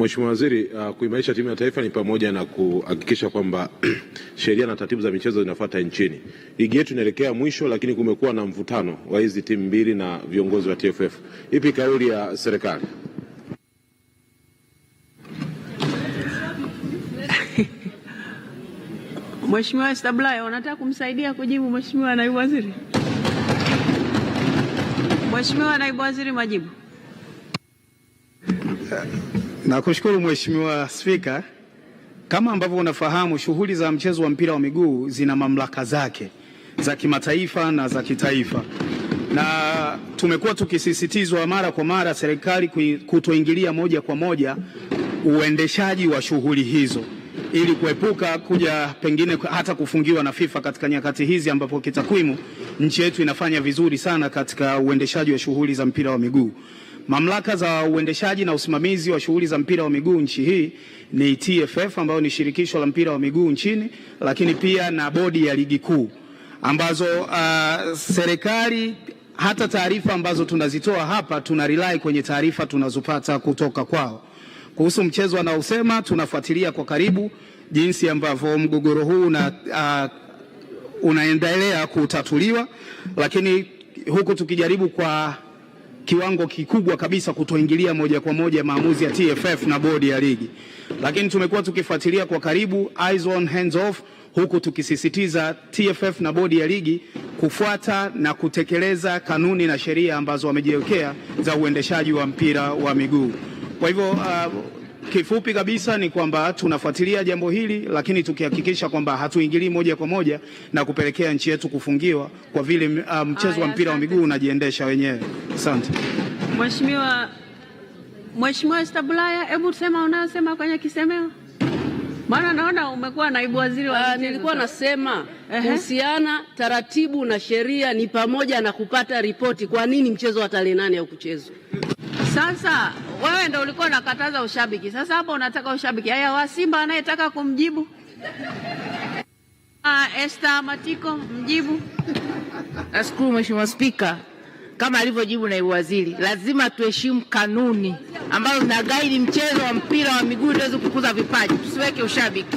Mheshimiwa Waziri, uh, kuimarisha timu ya taifa ni pamoja na kuhakikisha kwamba sheria na taratibu za michezo zinafuata nchini. Ligi yetu inaelekea mwisho, lakini kumekuwa na mvutano wa hizi timu mbili na viongozi wa TFF. Ipi kauli ya serikali? Mheshimiwa Stablaya, unataka kumsaidia kujibu Mheshimiwa Naibu Waziri? Mheshimiwa Naibu Waziri, majibu. Nakushukuru Mheshimiwa Spika. Kama ambavyo unafahamu, shughuli za mchezo wa mpira wa miguu zina mamlaka zake za kimataifa na za kitaifa, na tumekuwa tukisisitizwa mara kwa mara serikali kutoingilia moja kwa moja uendeshaji wa shughuli hizo ili kuepuka kuja pengine hata kufungiwa na FIFA katika nyakati hizi ambapo kitakwimu nchi yetu inafanya vizuri sana katika uendeshaji wa shughuli za mpira wa miguu. Mamlaka za uendeshaji na usimamizi wa shughuli za mpira wa miguu nchi hii ni TFF ambayo ni shirikisho la mpira wa miguu nchini, lakini pia na bodi ya ligi kuu ambazo uh, serikali hata taarifa ambazo tunazitoa hapa tuna rely kwenye taarifa tunazopata kutoka kwao. Kuhusu mchezo anaosema, tunafuatilia kwa karibu jinsi ambavyo mgogoro huu una, uh, unaendelea kutatuliwa, lakini huku tukijaribu kwa kiwango kikubwa kabisa kutoingilia moja kwa moja maamuzi ya TFF na bodi ya ligi, lakini tumekuwa tukifuatilia kwa karibu, eyes on hands off, huku tukisisitiza TFF na bodi ya ligi kufuata na kutekeleza kanuni na sheria ambazo wamejiwekea za uendeshaji wa mpira wa miguu. Kwa hivyo uh, Kifupi kabisa ni kwamba tunafuatilia jambo hili, lakini tukihakikisha kwamba hatuingilii moja kwa moja na kupelekea nchi yetu kufungiwa kwa vile um, mchezo um, wa mpira wa miguu unajiendesha wenyewe. Asante Mheshimiwa. Mheshimiwa Stablaya, hebu sema unayosema kwenye kisemeo, maana naona umekuwa naibu waziri wa uh, nilikuwa nasema kuhusiana taratibu na sheria ni pamoja na kupata ripoti, kwa nini mchezo wa tarehe nane haukuchezwa sasa wewe ndo ulikuwa unakataza ushabiki, sasa hapo unataka ushabiki. Haya, wa Simba anayetaka kumjibu ah, Esther Matiko mjibu. Nashukuru Mheshimiwa Spika, kama alivyojibu naibu waziri, lazima tuheshimu kanuni ambazo zina gaidi mchezo wa mpira wa miguu tuweze kukuza vipaji, tusiweke ushabiki.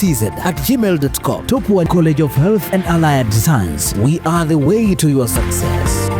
tz at gmail.com. Topwan College of Health and Allied Science. We are the way to your success.